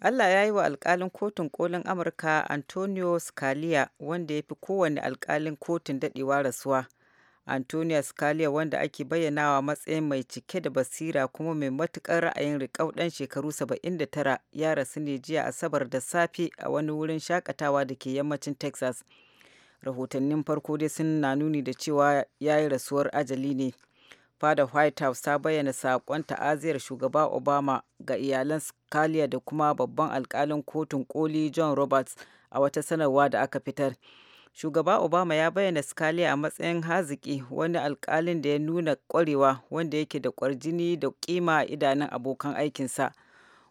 Allah ya yi wa alkalin kotun kolin Amurka Antonio Scalia wanda ya fi kowane alkalin kotun dadewa rasuwa. Antonio Scalia wanda ake bayyanawa matsayin mai cike da basira kuma mai matukar ra'ayin riƙau ɗan shekaru 79 ya rasu ne jiya Asabar da safe a wani wurin shakatawa da ke yammacin Texas. Rahotannin farko dai sun na nuni da cewa ya yi rasuwar ajali ne. fada white house ta bayyana saƙon ta'aziyar shugaba obama ga iyalan scalia da kuma babban alkalin kotun koli john roberts a wata sanarwa da aka fitar shugaba obama ya bayyana scalia a matsayin haziki wani alkalin da ya nuna ƙwarewa wanda yake da kwarjini da ƙima a idanun abokan aikinsa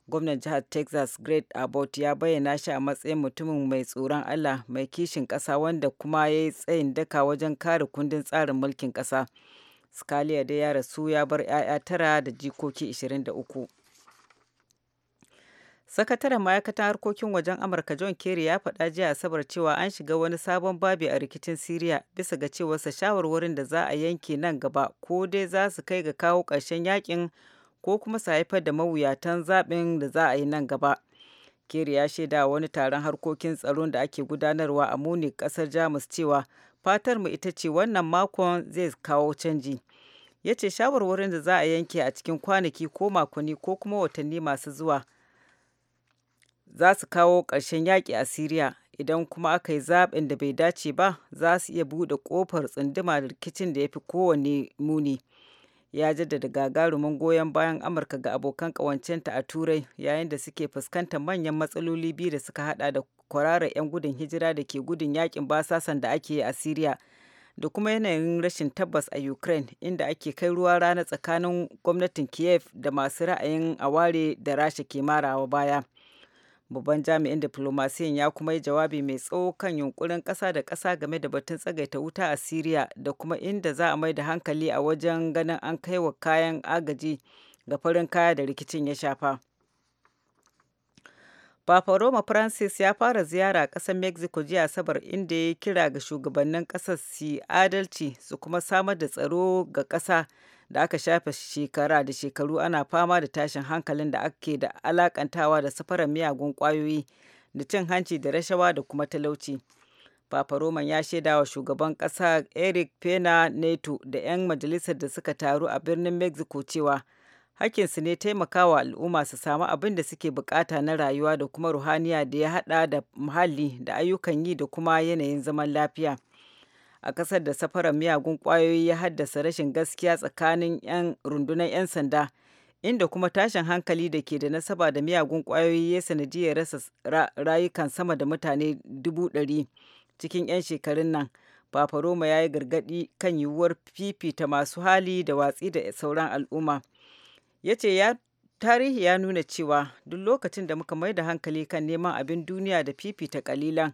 gwamnan jihar texas great abbott ya bayyana shi a matsayin mutumin mai tsoron allah mai kishin ƙasa wanda kuma ya yi tsayin daka wajen kare kundin tsarin mulkin ƙasa. Scalia dai ya rasu ya bar 'ya'ya tara da jikoki 23. Sakataren ma'aikatan harkokin wajen Amurka John Kerry ya faɗa jiya Asabar cewa an shiga wani sabon babi a rikicin Siriya bisa ga cewa sa shawarwarin da za a yanke nan gaba ko dai za su kai ga kawo ƙarshen yakin ko kuma su haifar da mawuyatan zaɓin da za a yi nan gaba. Kerry ya shaida wani taron harkokin tsaron da ake gudanarwa a Munich ƙasar Jamus cewa fatar mu ita ce wannan makon zai kawo canji ya ce shawarwarin da za a yanke a cikin kwanaki ko makonni ko kuma watanni masu zuwa za su kawo ƙarshen yaƙi a siriya idan kuma aka yi zaɓin da bai dace ba za su iya buɗe ƙofar tsunduma da rikicin da ya fi kowane muni ya jaddada gagarumin goyon bayan amurka ga abokan ƙawancenta a turai yayin da suke fuskantar manyan matsaloli biyu da suka hada da kwararar 'yan gudun hijira da ke gudun yakin basasan da ake yi a Siriya da kuma yanayin rashin tabbas a Ukraine inda ake kai ruwa rana tsakanin gwamnatin Kiev da masu ra'ayin aware da Rasha ke marawa baya. Babban jami'in diplomasiyan ya kuma yi jawabi mai tsawo kan yunkurin ƙasa da ƙasa game da batun tsagaita wuta a Siriya da kuma inda za a mai da hankali a wajen ganin an kai wa kayan agaji ga farin kaya da rikicin ya shafa. Papa Roma Francis ya fara ziyara a ƙasar Mexico jiya Asabar inda ya kira ga shugabannin ƙasar su adalci su kuma samar da tsaro ga ƙasa da aka shafe shekara da shekaru ana fama da tashin hankalin da ake da alakantawa da safarar miyagun ƙwayoyi da cin hanci da rashawa da kuma talauci. Papa Roman ya shaida wa shugaban ƙasa Eric Pena Neto da 'yan majalisar da suka taru a birnin Mexico cewa Hakkinsu ne taimakawa al'umma su samu abin da suke bukata na rayuwa da kuma ruhaniya da ya hada da muhalli da ayyukan yi da kuma yanayin zaman lafiya. A kasar da safarar miyagun kwayoyi ya haddasa rashin gaskiya tsakanin 'yan rundunar 'yan sanda, inda kuma tashin hankali da ke da nasaba da miyagun kwayoyi ya sanadiyar rasa rayukan sama da mutane dubu ɗari cikin 'yan shekarun nan. Fafaroma ya yi gargaɗi kan yiwuwar fifita masu hali da watsi da sauran al'umma. ya ce ya tarihi ya nuna cewa duk lokacin da muka mai da hankali kan neman abin duniya da fifita kalilan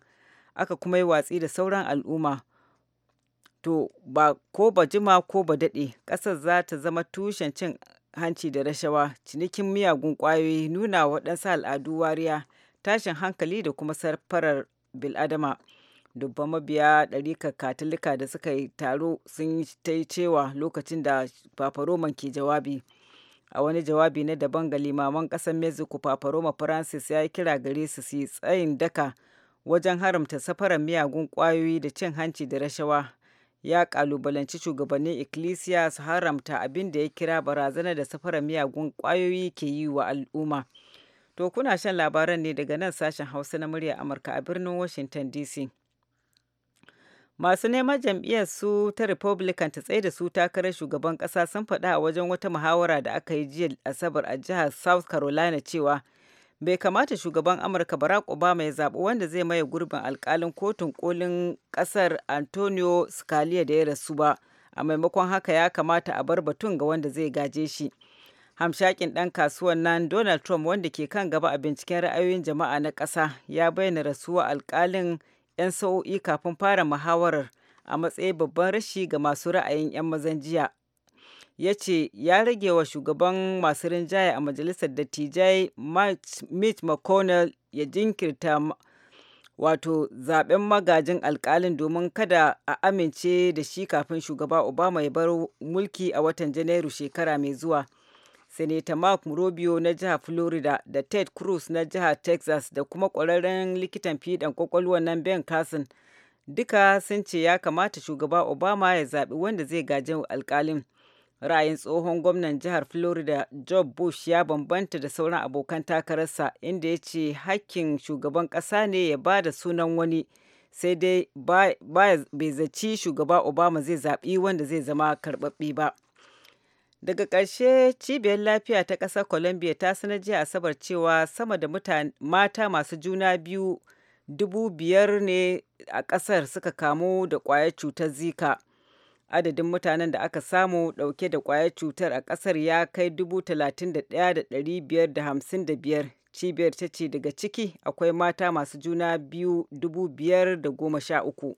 aka kuma yi watsi da sauran al'umma to ba ko ba jima ko ba daɗe ƙasar za ta zama tushen cin hanci da rashawa cinikin miyagun ƙwayoyi nuna waɗansu al'adu wariya tashin hankali da kuma sarfarar biladama dubban mabiya ɗarika katolika da suka yi taro sun ta yi cewa lokacin da fafaroman ke jawabi a wani jawabi na daban ga limaman ƙasar mexico paparoma francis ya yi kira gare su su yi tsayin daka wajen haramta safarar miyagun ƙwayoyi da cin hanci da rashawa ya kalubalanci shugabannin ikkilisiya su haramta abin da ya kira barazana da safarar miyagun ƙwayoyi ke yi wa al'umma to kuna shan labaran ne daga nan sashen hausa na murya amurka a birnin washington dc Masu neman jam'iyyar su ta Republican ta tsaye da su takarar shugaban kasa sun faɗa a wajen wata muhawara da aka yi jiya Asabar a jihar South Carolina cewa bai kamata shugaban Amurka Barack Obama ya zaɓi wanda zai maye gurbin alkalin kotun kolin ƙasar Antonio Scalia da ya rasu ba. A maimakon haka ya kamata a bar batun ga wanda zai gaje shi. hamshakin ɗan kasuwan nan donald trump wanda ke kan gaba a binciken ra'ayoyin jama'a na ƙasa ya bayyana rasuwa alkalin 'yan sa'o'i kafin fara muhawarar a matsayin babban rashi ga masu ra'ayin 'yan mazan jiya ya ce ya rage wa shugaban masu rinjaye a majalisar dattijai mitch mcconnell ya jinkirta wato zaben magajin alkalin domin kada a amince da shi kafin shugaba obama ya bar mulki a watan janairu shekara mai zuwa seneta Mark Rubio na jihar Florida da Ted Cruz na jihar Texas da kuma ƙwararren likitan fiɗan kwakwalwa nan Ben Carson duka sun ce ya kamata shugaba Obama ya zaɓi wanda zai gaji alƙalin. Ra'ayin tsohon gwamnan jihar Florida Job Bush ya bambanta da sauran abokan takararsa inda ya ce hakkin shugaban ƙasa ne ya ba da sunan wani sai dai bai zaci shugaba Obama zai zaɓi wanda zai zama karɓaɓɓe ba. daga ƙarshe cibiyar lafiya ta ƙasar colombia ta sanar jiya asabar cewa sama da mata masu juna biyu dubu biyar ne a ƙasar suka kamu da ƙwayar cutar zika adadin mutanen da aka samu ɗauke da ƙwayar cutar a ƙasar ya kai dubu talatin da ɗaya da ɗari biyar da hamsin da biyar cibiyar ta ce daga ciki akwai mata masu juna biyu dubu biyar da goma sha uku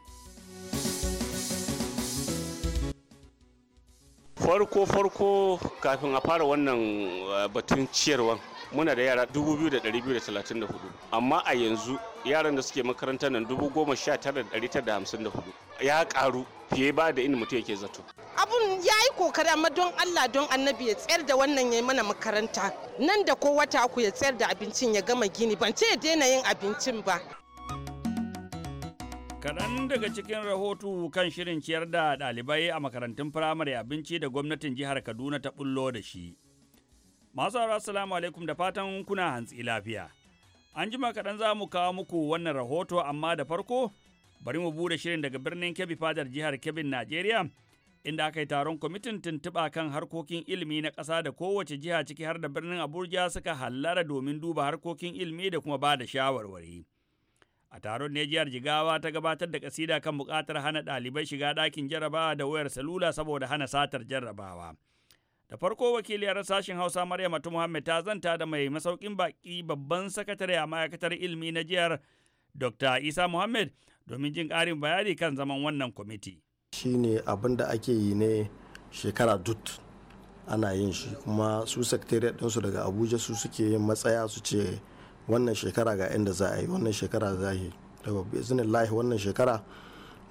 farko farko kafin a fara wannan uh, batun ciyarwan muna da yara 2,234 amma a yanzu yaran da suke makaranta nan 19,954 ya karu fiye ba da inda mutum yake zato abun ya yi kokari amma don allah don annabi ya tsayar da wannan ya yi mana makaranta nan da ko wata ku ya tsayar da abincin ya gama gini ban ce ya daina yin abincin ba Kaɗan daga cikin rahoto kan shirin ciyar da ɗalibai a makarantun firamare abinci da gwamnatin jihar Kaduna ta bullo da shi. Masu assalamu alaikum da fatan kuna hantsi lafiya. An jima kaɗan za mu kawo muku wannan rahoto amma da farko bari mu bude shirin daga birnin Kebbi fadar jihar Kebbi Najeriya inda aka yi taron kwamitin tuntuɓa kan harkokin ilimi na ƙasa da kowace jiha ciki har da birnin Abuja suka hallara domin duba harkokin ilimi da kuma ba da shawarwari. a taron ne jihar jigawa ta gabatar da kasida kan bukatar hana ɗalibai shiga ɗakin jarrabawa da wayar salula saboda hana satar jarrabawa da farko wakiliyar sashen hausa maryam atu muhammad ta zanta da mai masaukin baki babban sakatare a ma'aikatar ilimi na jihar dr isa muhammed domin jin karin bayani kan zaman wannan kwamiti ne abin da ake yi ne shekara dut ana yin shi kuma su sakatare ɗinsu daga abuja su suke yin matsaya su ce wannan shekara ga inda za a yi wannan shekara za a yi daga izinin lahi wannan shekara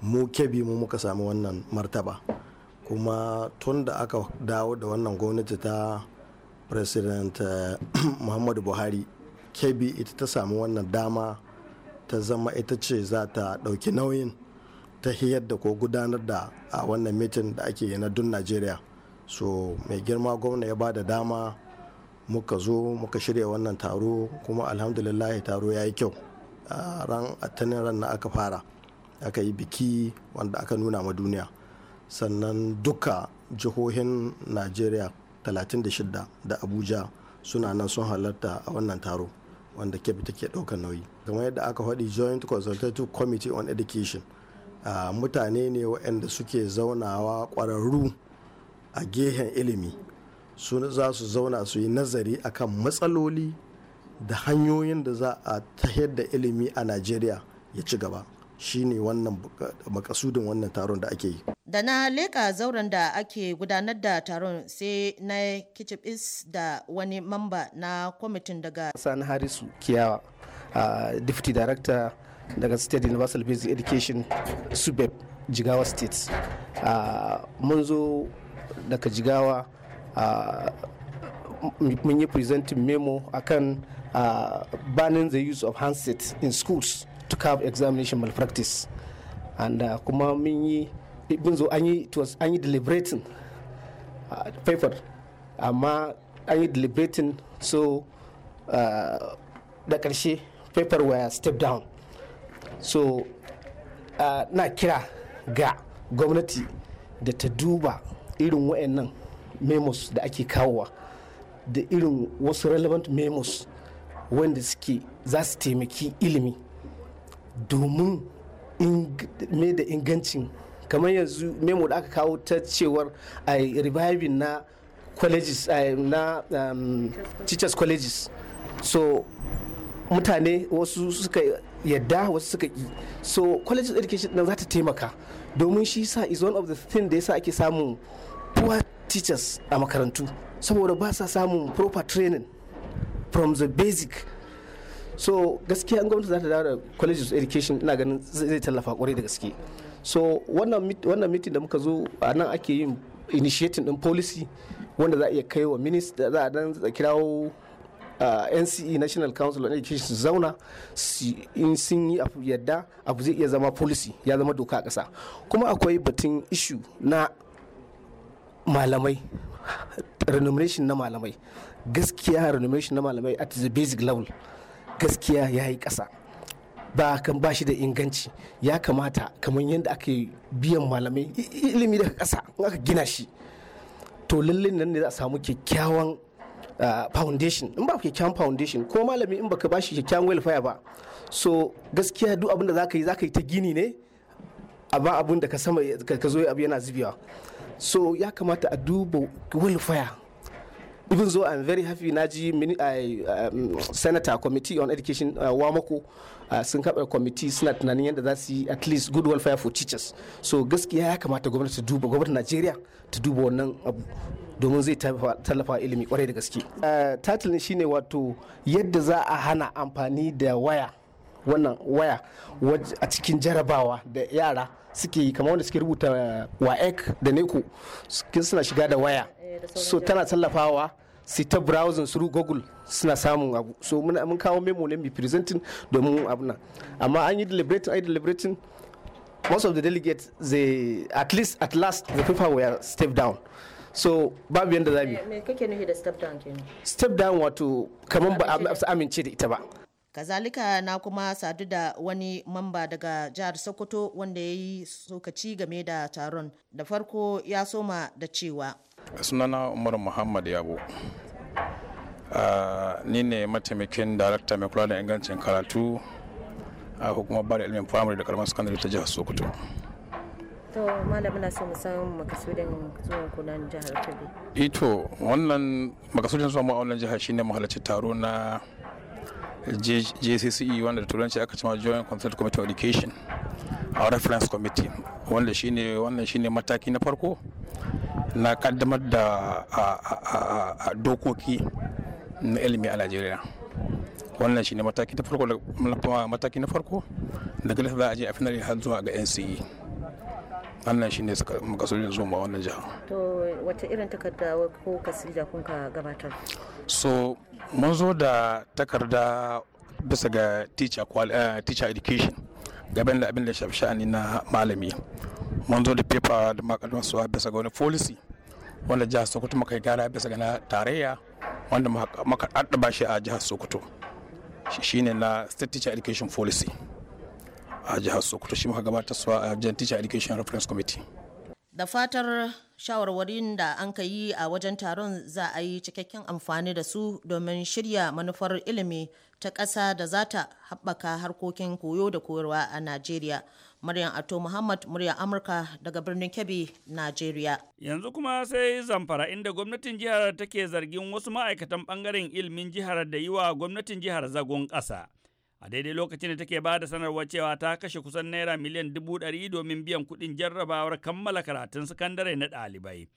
mu kebi mu muka samu wannan martaba kuma tun da aka dawo da wannan gwamnati ta president eh, muhammadu buhari kebi ita ta samu wannan dama ta zama ita ce za ta ɗauki nauyin ta hiyar da ko gudanar da a wannan mitin da ake yi na dun najeriya so mai girma gwamna ya ba da dama muka zo muka shirya wannan taro kuma alhamdulillah taro ya yi kyau ran attanin ran na aka fara aka yi biki wanda aka nuna ma duniya sannan duka jihohin najeriya 36 da abuja suna nan sun halarta a wannan taro wanda kebbi take daukan nauyi kamar yadda aka faɗi joint consultative committee on education mutane ne waɗanda suke zaunawa ƙwararru a gehen ilimi su za su zauna su yi nazari akan matsaloli da hanyoyin da za a tahiyar da ilimi a najeriya ya ci gaba shine wannan makasudin wannan taron da ake yi da na leƙa zauren da ake gudanar da taron sai na kicibis da wani mamba na kwamitin daga sani harisu kiyawa uh, deputy director daga state universal basic education subeb jigawa state mun zo daga jigawa mun yi presenting memo akan uh, banning the use of handset in schools to curb examination malpractice and uh, kuma mun yi bin zo an yi an yi deliberating uh, paper amma an yi deliberating so uh, da karshe paper were step down so uh, na kira ga gwamnati da ta duba irin waɗannan memos da ake kawowa da irin wasu relevant memos wanda suke za su taimaki ilimi domin me da ingancin kamar yanzu memo da aka kawo ta cewar a reviving na colleges na um, teachers colleges so mutane wasu suka yadda wasu suka yi so colleges education na za ta taimaka domin shi sa is one of the thing da yasa ake samun poor teachers a makarantu saboda ba sa samun proper training from the basic so gaskiya an gwamnati za ta dawo da colleges of education ina ganin zai tallafa kwarai da gaske so wannan mitin da muka zo a nan ake yin initiating din policy wanda za a iya kai wa minister za a dan kirawo nce national council on education su zauna in sun yi yadda abu zai iya zama policy ya zama doka a kasa kuma akwai batun issue na malamai renumeration na malamai gaskiya renumeration na malamai at the basic level gaskiya ya yi ƙasa ba kan ba shi da inganci ya kamata kamar yadda aka biyan malamai ilimi daga kasa in aka gina shi to lallai nan ne za a samu kyakkyawan ah, foundation in ba kyakkyawan foundation ko malami in baka bashi kyakkyawan welfare ba so gaskiya duk abinda da ka yi ta gini ne a ba abin da ka sama ka zo abu yana zubewa so ya kamata a duba welfare even though I'm very happy na ji um, senator committee on education uh, wamako uh, sun committee suna tunanin yadda za su yi at least good welfare for teachers so gaskiya ya kamata gwamnati ta duba gwamnatin nigeria ta duba wannan abu domin zai tallafa ilimi kwarai da gaske uh, title shine wato yadda za a hana amfani da waya wannan waya a cikin jarabawa da yara suke yi kamar wanda suke rubuta ek eh, da neko suna shiga da waya eh, so tana tallafawa su ta browsing through google suna samun abu so mun kawo memo ne mai presenting domin abu nan amma an yi deliberating an yi deliberating most of the delegates they at least at last the people were step down so babu yadda zabi eh, me kake nufi da step down kenan step down wato kamar ba a amince da ita ba kazalika na kuma sadu da wani mamba daga jihar sokoto wanda ya yi sokaci game da taron da farko ya soma da cewa sunana umar muhammad yabo ah, ni ne mataimakin darakta mai kula da ingancin karatu a hukumar bada ilimin firamare da karamar sakandare ta jihar sokoto to malam na so musamman makasudin zuwa kunan jihar kebbi ito wannan makasudin zuwa ma'aunin wannan jihar shine mahalarci taro na jcce wanda da turanci aka cima joint consult committee on education a reference committee wanda shine wannan shine mataki na farko na kaddamar da a dokoki na ilimi a najeriya wannan shine mataki na farko mataki na farko daga za a je a finali har zuwa ga nce wannan shi ne makasudin zuwa wannan jihar. to wata irin takarda ko kasida kun ka gabatar so mun zo da takarda bisa ga teacher, eh, education gaban da abin da shafi sha'ani na malami mun zo da paper da makalman su bisa ga wani policy wanda jihar sokoto muka yi gara bisa ga na tarayya wanda muka ɗaɗɗaba shi a jihar sokoto shine na state teacher education policy a jihar Sokoto shi muka gabatar su a Jan Teacher Education Reference Committee. Da fatar shawarwarin da an ka yi a wajen taron za a yi cikakken amfani da su domin shirya manufar ilimi ta ƙasa da za ta haɓaka harkokin koyo da koyarwa a Najeriya. Maryam Ato Muhammad murya Amurka daga birnin Kebbi, Najeriya. Yanzu kuma sai zamfara inda gwamnatin jihar take zargin wasu ma'aikatan bangaren ilimin jihar da yi wa gwamnatin jihar zagon ƙasa. a daidai lokacin da take ba da sanarwar cewa ta kashe kusan naira miliyan dubu ɗari domin biyan kuɗin jarrabawar kammala karatun sakandare na ɗalibai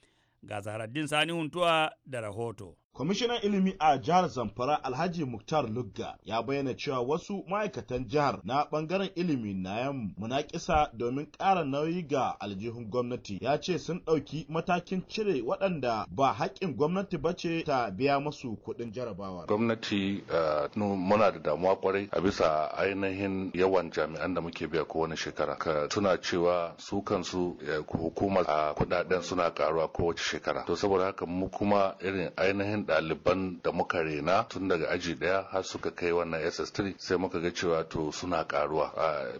ga zaharaddin sani huntuwa da rahoto Kwamishinan ilimi a jihar Zamfara Alhaji Muktar Lugga ya bayyana cewa wasu ma'aikatan jihar na bangaren ilimi na yan munakisa domin ƙara nauyi ga aljihun gwamnati ya ce sun ɗauki matakin cire waɗanda ba haƙƙin gwamnati ba ce ta biya masu kuɗin jarabawa. Gwamnati eh, muna da damuwa kwarai a bisa ainihin yawan jami'an da muke biya kowane shekara. Ka tuna cewa su kansu eh, hukumar eh, kuɗaɗen suna ƙaruwa kowace shekara. To saboda haka mu kuma irin ainihin ɗaliban da muka rena tun daga aji ɗaya har suka kai wannan ss3 sai muka ga cewa to suna karuwa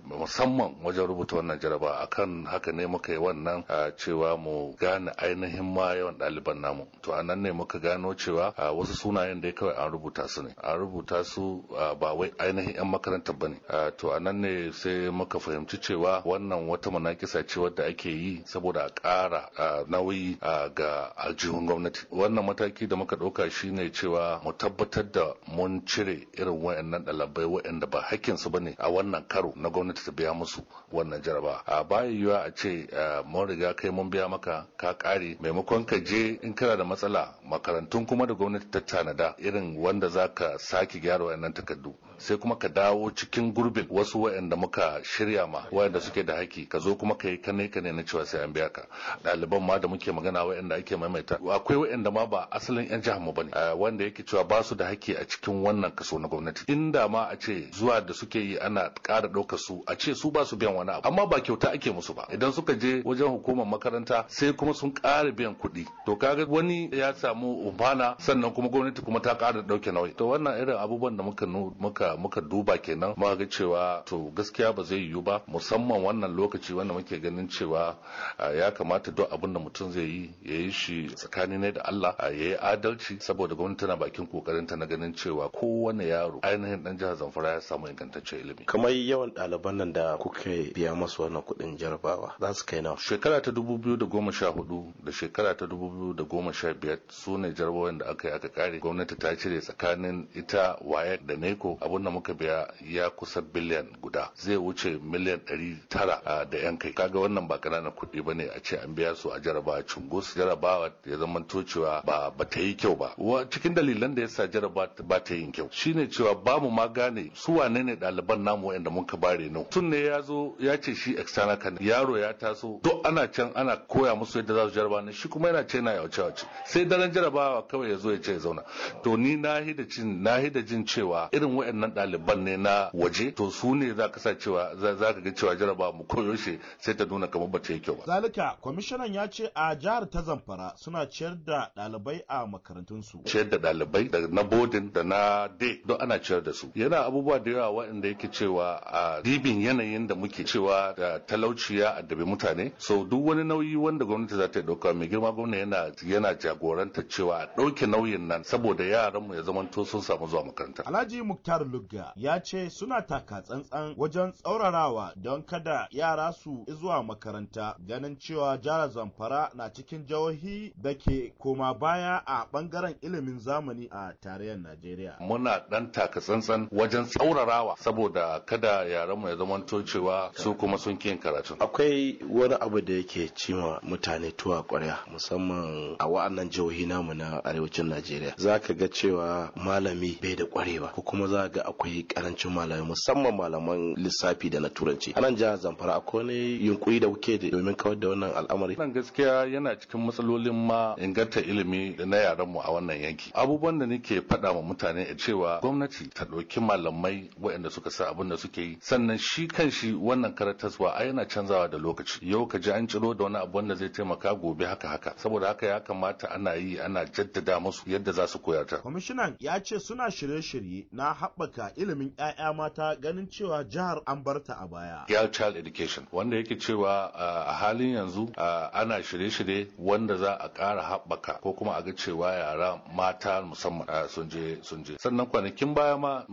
musamman wajen rubuta wannan jaraba akan haka ne muka yi wannan cewa mu gane ainihin ma yawan ɗaliban namu to a nan ne muka gano cewa wasu sunayen da kawai an rubuta su ne an rubuta su ba wai ainihin 'yan makaranta ba ne to a nan ne sai muka fahimci cewa wannan wata munakisa ce wadda ake yi saboda a ƙara nauyi ga aljihun gwamnati wannan mataki da muka ɗauka ɗauka shine cewa mu tabbatar da mun cire irin wayannan ɗalibai wayanda ba hakkin su ne a wannan karo na gwamnati ta biya musu wannan jaraba a baya yiwa a ce eh, mun riga kai mun biya maka ka kare maimakon ka je in kana da matsala makarantun kuma da gwamnati ta tanada irin wanda zaka sake gyara wayannan takardu sai kuma ka dawo cikin gurbin wasu wayanda muka shirya ma wayanda suke da haki ka zo kuma ka yi kane kane na cewa sai an biya ka ɗaliban ma da muke magana wayanda ake maimaita akwai wayanda ma ba asalin yan jihar mu bane eh, wanda yake cewa ba su da haƙƙi a cikin wannan kaso na gwamnati inda ma a ce zuwa da suke yi ana ƙara ɗaukar su a ce su ba su biyan wani abu amma ba kyauta ake musu ba idan suka je wajen hukumar makaranta sai kuma sun ƙara biyan kuɗi to kaga wani ya samu umfana sannan kuma gwamnati kuma ta ƙara ɗauke nauyi to wannan irin abubuwan da muka muka muka duba kenan ma ga cewa to gaskiya ba zai yiwu ba musamman wannan lokaci wanda muke ganin cewa eh, ya kamata duk abin da mutum zai yi ya yi shi tsakani ne da Allah eh, ya yi adalci saboda gwamnati tana bakin kokarin ta na ganin cewa kowane yaro ainihin dan jihar Zamfara ya samu ingantaccen ilimi. Kamar yawan ɗaliban nan da kuke biya masu wannan kuɗin jarabawa za su kai nawa. Shekara ta dubu biyu da goma sha hudu da shekara ta dubu biyu da goma sha biyar su ne jarabawan da aka yi aka kare gwamnati ta cire tsakanin ita waye da neko abun da muka biya ya kusa biliyan guda zai wuce miliyan ɗari tara ah, da yan kai kaga wannan ba ƙananan kuɗi ba ne a ce an biya su a jarabawa cungus jarabawa ya zama cewa ba ba ta yi kyau ba Wa cikin dalilan da yasa jaraba ba ta yin kyau shine cewa ba mu ma gane su wane ne ɗaliban namu wanda mun ka bare nau tun ne ya zo ya ce shi external kan yaro ya taso duk ana can ana koya musu yadda za su jaraba ne shi kuma yana ce yana yauce yauce sai daren jarabawa kawai ya zo ya ce ya zauna to ni na hida jin na hida cewa irin waɗannan ɗaliban ne na waje to su ne za ka sa cewa za ka ga cewa jaraba mu koyo shi sai ta nuna kamar ba ta yi kyau ba zalika kwamishinan ya ce a jihar ta zamfara suna ciyar da ɗalibai a makarantar makarantunsu. Ciyar da ɗalibai da na bodin da na de don ana ciyar da su. Yana abubuwa da yawa waɗanda yake cewa a dibin yanayin da muke cewa da talauci ya addabi mutane. So duk wani nauyi wanda gwamnati za ta ɗauka mai girma gwamna yana yana jagoranta cewa a ɗauke nauyin nan saboda yaranmu ya zamanto sun samu zuwa makaranta. Alhaji Muktar Lugga ya ce suna taka tsantsan wajen tsaurarawa don kada yara su zuwa makaranta ganin cewa jihar Zamfara na cikin jihohi da ke koma baya a ɓangaren bangaren ilimin zamani a tarayyar Najeriya. Muna ɗan taka tsantsan wajen tsaurarawa saboda kada yaran mu ya zama cewa su kuma sun kiyin karatu. Akwai wani abu da yake cima mutane tuwa ƙwarya musamman a wa'annan jihohi namu na arewacin Najeriya. Za ka ga cewa malami bai da kwarewa ko kuma za ga akwai karancin malami musamman malaman lissafi da na turanci. A nan jihar Zamfara akwai wani yunkuri da kuke domin kawar da wannan al'amari. Nan gaskiya yana cikin matsalolin ma inganta ilimi na yaran mu a wannan yanki abubuwan da nake faɗa wa mutane a cewa gwamnati ta ɗauki malamai waɗanda suka sa abin da suke yi sannan shi kan shi wannan karataswa a yana canzawa da lokaci yau ka ji an ciro da wani abu wanda zai taimaka gobe haka haka saboda haka ya kamata ana yi ana jaddada musu yadda za su koyar ta kwamishinan ya ce suna shirye-shirye na haɓaka ilimin 'ya'ya mata ganin cewa jihar an barta a baya girl child education wanda yake cewa a halin yanzu ana shirye-shirye wanda za a ƙara haɓaka ko kuma a ga cewa yara yara mata musamman sun je sun je sannan kwanakin baya ma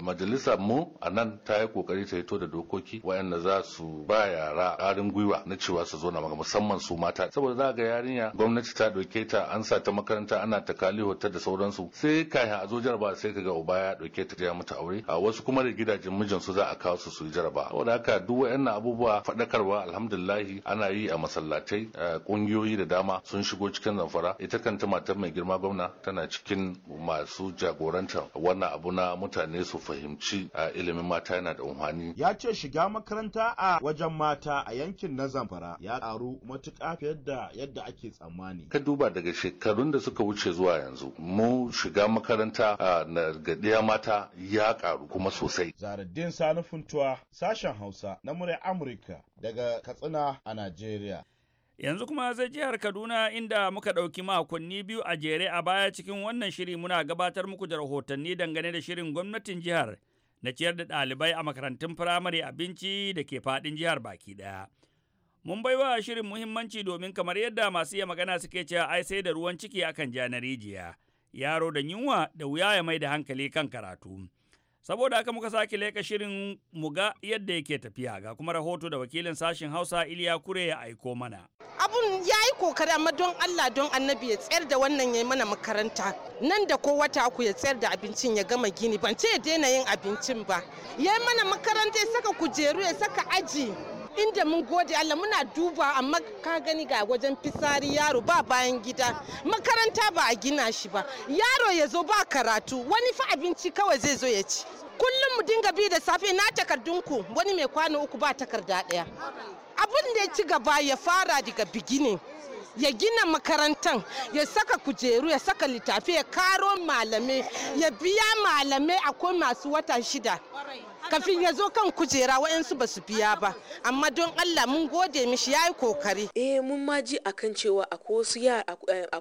majalisa mu a nan ta yi kokari ta hito da dokoki wayanda za su ba yara ƙarin gwiwa na cewa su zo na maka musamman su mata saboda za ga yarinya gwamnati ta ɗauke ta an sa ta makaranta ana ta kaliho ta da sauransu sai kafin a zo jaraba sai kaga uba ya ɗauke ta ya mata aure a wasu kuma da gidajen mijin su za a kawo su su yi jaraba saboda haka duk waɗannan abubuwa faɗakarwa alhamdulillahi ana yi a masallatai ƙungiyoyi da dama sun shigo cikin zamfara ita kanta matar mai girma gwamna tana cikin masu jagorantar wannan abu na mutane su fahimci a ilimin mata yana da umhani. Ya ce shiga makaranta a wajen mata a yankin na Zamfara ya ƙaru matuƙa fiye da yadda ake tsammani. Ka duba daga shekarun da suka wuce zuwa yanzu mu shiga makaranta na gadiya mata ya ƙaru kuma sosai. zaraddin Sani Funtuwa sashen Hausa na murya Amurka daga Katsina a Najeriya. Yanzu kuma zai jihar Kaduna inda muka ɗauki makonni biyu a jere a baya cikin wannan shiri muna gabatar muku da rahotanni dangane da shirin gwamnatin jihar na ciyar da ɗalibai a makarantun firamare abinci da ke faɗin jihar baki ɗaya. Mun baiwa shirin muhimmanci domin kamar yadda masu iya magana suke cewa ai sai da ruwan ciki akan ja na rijiya. Yaro da yunwa da wuya ya mai da hankali kan karatu. Saboda haka muka sake leƙa shirin mu ga yadda yake tafiya ga kuma rahoto da wakilin sashen Hausa Iliya Kure ya aiko mana. abun ya yi kokari amma don Allah don annabi ya tsayar da wannan ya yi mana makaranta nan da ko wata ku ya tsayar da abincin ya gama gini ban ce ya daina yin abincin ba ya yi mana makaranta ya saka kujeru ya saka aji inda mun gode Allah muna duba amma ka gani ga wajen fisari yaro ba bayan gida makaranta ba a gina shi ba yaro ya zo ba karatu wani fa abinci kawai zai zo ya ci kullum mu dinga bi da safe na takardunku wani mai kwano uku ba takarda ɗaya abin da ya ci gaba ya fara daga bigini ya gina makarantar ya saka kujeru ya saka littafi ya karo malamai ya biya malamai akwai masu wata shida kafin ya zo kan kujera wa'yansu ba su biya ba amma don allah mun gode mishi ya yi kokari eh mun ma ji a kan cewa ko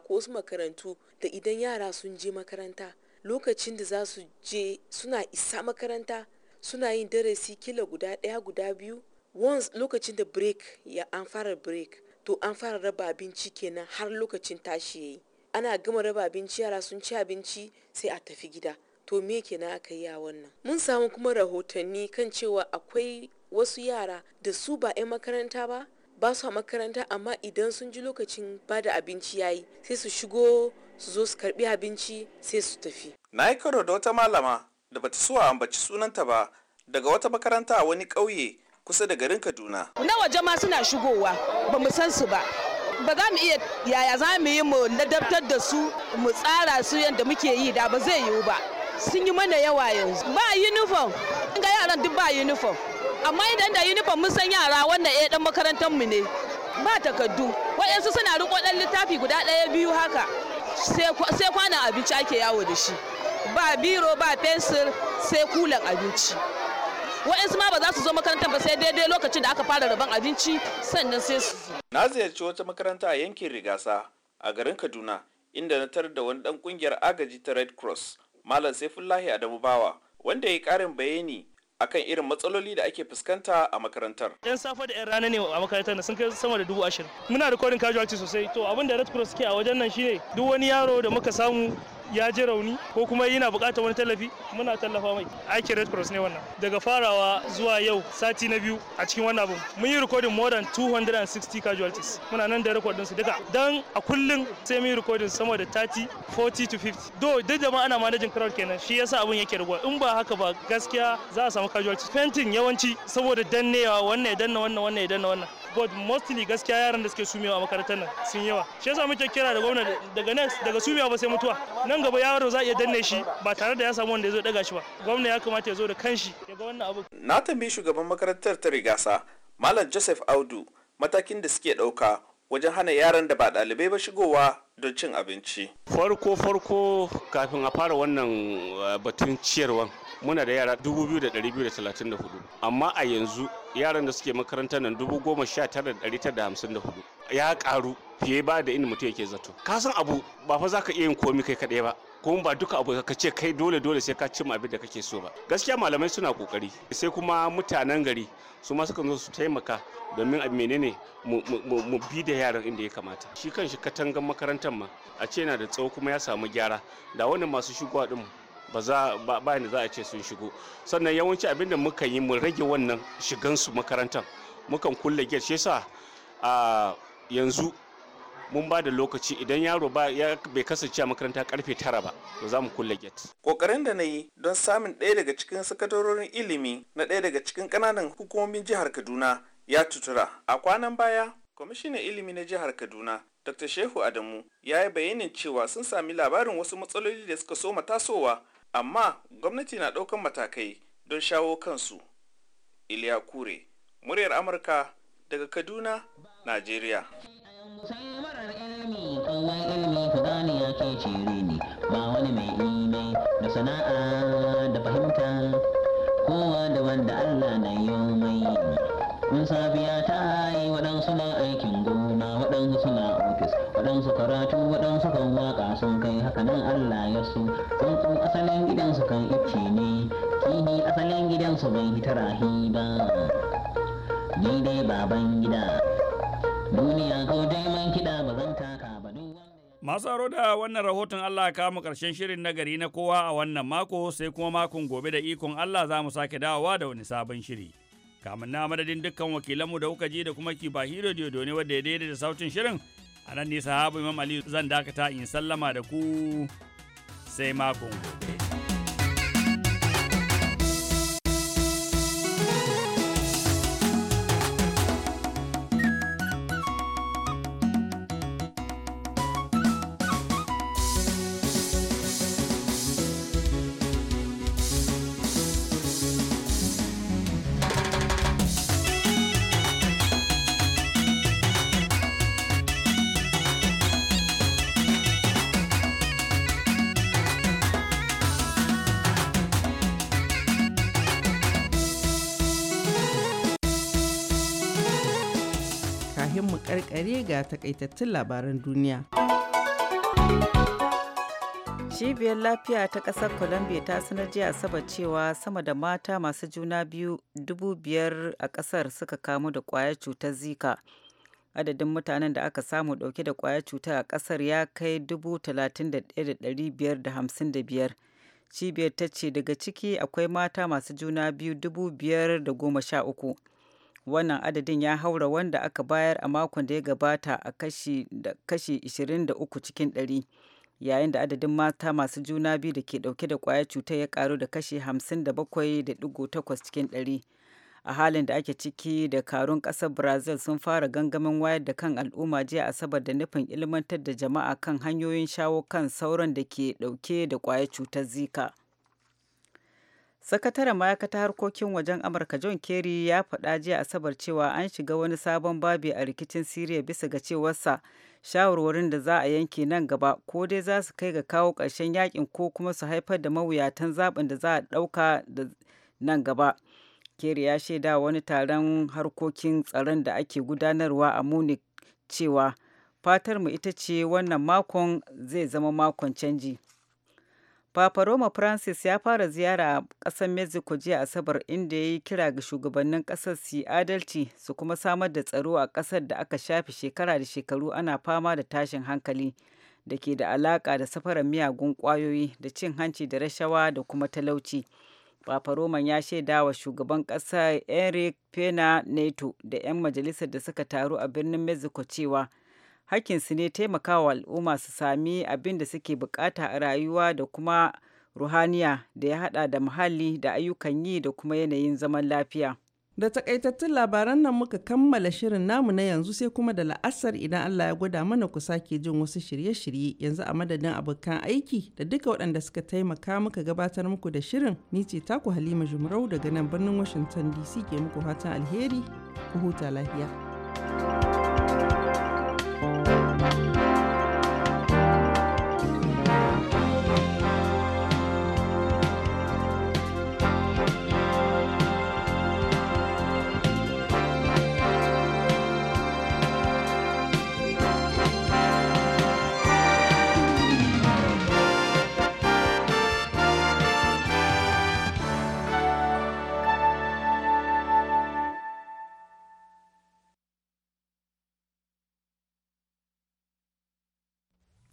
wasu makarantu da idan yara sun je makaranta lokacin da za su je suna isa makaranta suna yin darasi kila guda daya guda biyu once lokacin da break ya an fara break to an fara raba abinci kenan har lokacin tashi yayi ana gama raba abinci yara sun ci abinci sai a tafi gida to me kenan aka yi a wannan mun samu kuma rahotanni kan cewa akwai wasu yara da su ba 'yan makaranta ba ba su a makaranta amma idan sun ji lokacin ba da abinci yayi sai su shigo su zo su karbi abinci sai su tafi na yi karo da wata malama da bata so a ambaci sunanta ba daga wata makaranta a wani ƙauye kusa da garin Kaduna. Na waje ma suna shigowa ba mu san su ba. Ba za mu iya yaya za mu yi mu ladabtar da su mu tsara su yadda muke yi da ba zai yiwu ba. Sun yi mana yawa yanzu. Ba uniform. Ga yaran duk ba uniform. Amma idan da uniform mun san yara wannan eh dan makarantar mu ne. Ba takardu. Waɗansu suna riko ɗan littafi guda ɗaya biyu haka. Sai kwanan abinci ake yawo da shi. Ba biro ba fensir sai kulan abinci. wa'yansu ma ba za su zo makarantar ba sai daidai lokacin da aka fara rabon abinci sannan sai su zo. na ziyarci wata makaranta a yankin rigasa a garin kaduna inda na tar da wani dan kungiyar agaji ta red cross malam saifullahi adamu bawa wanda ya yi karin bayani akan irin matsaloli da ake fuskanta a makarantar. Yan safa da yan rana ne a makarantar sun kai sama da dubu ashirin. Muna da kodin casualty sosai. To abin da Red Cross ke a wajen nan shine duk wani yaro da muka samu ya ji rauni ko kuma yana buƙatar wani tallafi muna tallafa mai aiki red cross ne wannan daga farawa zuwa yau sati na biyu a cikin wannan abun mun yi recording more than 260 casualties muna nan da record su duka dan a kullum sai mun yi recording sama da 30 40 to 50 do duk da ma ana managing crowd kenan shi yasa abin yake raguwa in ba haka ba gaskiya za a samu casualties painting yawanci saboda dannewa wannan ya danna wannan wannan ya danna wannan but mostly gaskiya yaran da suke sumewa a makarantar nan sun yawa shi yasa muke kira da gwamnati daga nan daga sumewa ba sai mutuwa nan gaba yaro za a iya danne shi ba tare da ya samu wanda ya zo daga shi ba gwamna ya kamata ya zo da kanshi ya ga wannan abu na tambayi shugaban makarantar ta rigasa malam joseph audu matakin da suke ɗauka wajen hana yaran da ba ɗalibai ba shigowa don cin abinci farko farko kafin a fara wannan eh, batun ciyarwa. muna da yara 2,234 amma a yanzu yaran da suke makarantar nan 19,954 ya karu fiye ba da inda mutum yake zato kasan abu ba fa za ka iya yin komi kai kaɗai ba kuma ba duka abu ka ce kai dole dole sai ka cimma abin da kake so ba gaskiya malamai suna kokari sai kuma mutanen gari su ma suka zo su taimaka domin a menene mu bi da yaran inda ya kamata shi kan shi katangan makarantar ma a ce na da tsawo kuma ya samu gyara da wani masu shigowa din ba za ba ne za a ce sun shigo sannan yawanci abin da muka yi mu rage wannan shigan su makarantar mukan kulle gate shi yasa a yanzu mun ba da lokaci idan yaro ba ya bai kasance a makaranta karfe tara ba to za mu kulle get. Kokarin da na yi don samun ɗaya daga cikin sakatarorin ilimi na ɗaya daga cikin ƙananan hukumomin jihar Kaduna ya tutura. A kwanan baya, kwamishinan ilimi na jihar Kaduna Dr. Shehu Adamu ya yi bayanin cewa sun sami labarin wasu matsaloli da suka soma tasowa amma gwamnati na ɗaukan matakai don shawo kansu iliya kure muryar amurka daga kaduna najeriya da sana'a da fahimta kowa da wanda allah na yi mai in safiya ta yi waɗansu na aiki waɗansu karatu waɗansu kan waƙa sun kai haka nan Allah ya so tsuntsu asalin gidansu kan ice ne kihi asalin gidansu bai hitarahi ba ni dai baban gida duniya kau dai man kiɗa ba zan taka ba Masu aro da wannan rahoton Allah ka mu karshen shirin na gari na kowa a wannan mako sai kuma makon gobe da ikon Allah za mu sake dawowa da wani sabon shiri. Kamun na madadin dukkan wakilanmu da kuka ji da kuma kiba hiro ne wadda ya daidaita sautin shirin a nan ne sahabu imam aliyu zan dakata in sallama da ku sai makon gobe Ƙari ga takaitattun labaran duniya. Cibiyar lafiya ta ƙasar Colombia ta sanar jiya Asabar cewa sama da mata masu juna biyu dubu biyar a ƙasar suka kamu da ƙwayar cutar Zika. Adadin mutanen da aka samu ɗauke da ƙwayar cutar a ƙasar ya kai dubu talatin da ɗari biyar da hamsin da biyar. Cibiyar ta ce daga ciki akwai mata masu juna biyu dubu biyar da goma sha uku. wannan adadin ya haura wanda aka bayar a makon da ya gabata a kashi 23 cikin 100 yayin da adadin mata masu juna biyu da ke dauke da kwayar cutar ya karu da kashi 57.8 cikin 100 a halin da ake ciki da karun kasar brazil sun fara gangamin wayar da kan al'umma jiya asabar da nufin ilmantar da jama'a kan hanyoyin shawo kan sauran da ke dauke da kwayar cutar zika sakataren ma'aikatar harkokin wajen amurka john kerry ya faɗa jiya asabar cewa an shiga wani sabon babi a rikicin siriya bisa ga cewarsa shawarwarin da za a yanke nan gaba ko dai za su kai ga kawo ƙarshen yakin ko kuma su haifar da mawuyatan zaɓin da za a ɗauka da nan gaba kerry ya shaida wani taron harkokin tsaron da ake gudanarwa a munich cewa fatar mu ita ce wannan makon zai zama makon canji Papa Roma Francis ya fara ziyara a ƙasar Mexico jiya Asabar inda ya yi kira ga shugabannin ƙasar su yi adalci su kuma samar da tsaro a ƙasar da aka shafi shekara da shekaru ana fama da tashin hankali da ke da alaƙa da safarar miyagun ƙwayoyi da cin hanci da rashawa da kuma talauci. Papa Roman ya shaida wa shugaban ƙasa Enrique Pena Neto da 'yan majalisar da suka taru a birnin Mexico cewa hakkinsu ne taimakawa al'umma su sami abin da suke bukata a rayuwa da kuma ruhaniya da ya hada da muhalli da ayyukan yi da kuma yanayin zaman lafiya. Da takaitattun labaran nan muka kammala shirin namu na yanzu sai kuma da la'asar idan Allah ya gwada mana ku sake jin wasu shirye-shirye yanzu a madadin abokan aiki da duka waɗanda suka taimaka muka gabatar muku da shirin ni ce taku Halima Jumrau daga nan birnin Washington DC ke muku fatan alheri ku huta lafiya.